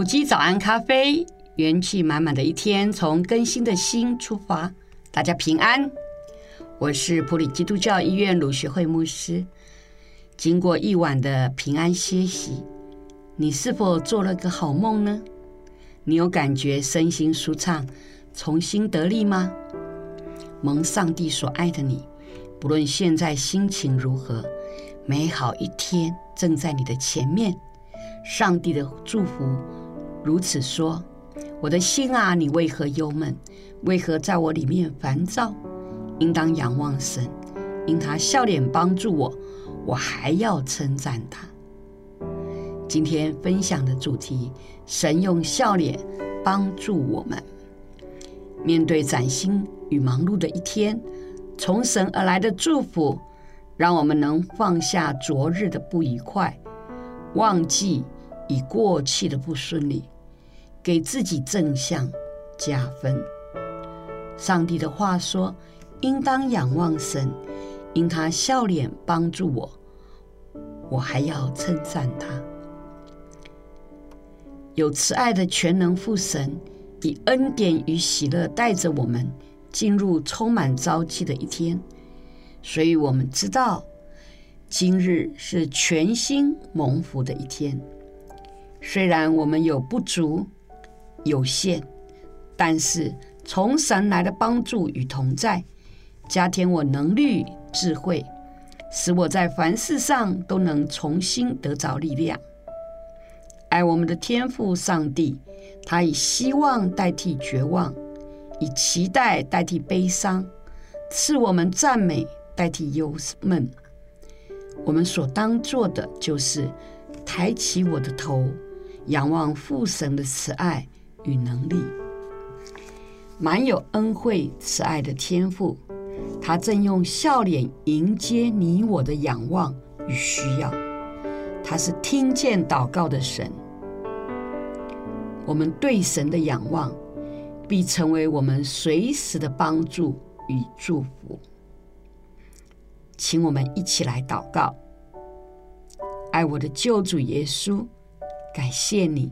埔基早安咖啡，元氣滿滿的一天從更新的心出發。大家平安，我是埔里基督教醫院魯學蕙牧師。經過一晚的平安歇息，你是否做了個好夢呢？你有感覺身心舒暢、重新得力嗎？蒙上帝所愛的你，不論現在心情如何，美好一天正在你的前面。上帝的祝福。如此說，我的心啊，你為何憂悶？為何在我裡面煩躁？應當仰望神，因他笑臉幫助我，我還要稱讚他。今天分享的主題：神用笑臉幫助我們。面對嶄新與忙碌的一天，從神而來的祝福，讓我們能放下昨日的不愉快，忘記。以過去的不順利，給自己正向加分。上帝的話說：“應當仰望神，因他笑臉幫助我，我還要稱讚他。”有慈愛的全能父神，以恩典與喜樂帶着我們進入充滿朝氣的一天，所以我們知道，今日是全新蒙福的一天。雖然我們有不足、有限，但是從神來的幫助與同在，加添我能力、智慧，使我在凡事上都能重新得着力量。愛我們的天父上帝，他以希望代替絕望，以期待代替悲傷，賜我們讚美代替憂悶。我們所當做的就是抬起我的頭。仰望父神的慈愛與能力，滿有恩惠慈愛的天父，他正用笑臉迎接你我的仰望與需要。他是聽見禱告的神，我們對神的仰望，必成為我們隨時的幫助與祝福。請我們一起來禱告：愛我的救主耶穌。感謝你，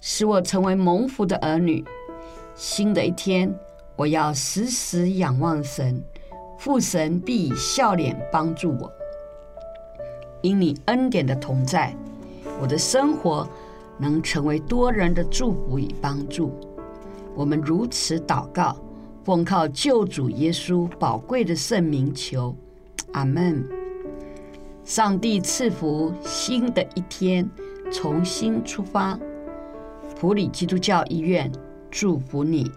使我成為蒙福的兒女。新的一天，我要時時仰望神，父神必以笑臉幫助我。因你恩典的同在，我的生活能成為多人的祝福與幫助。我們如此禱告，奉靠救主耶穌寶貴的聖名求，阿門。上帝賜福新的一天。重新出發，埔里基督教醫院祝福你。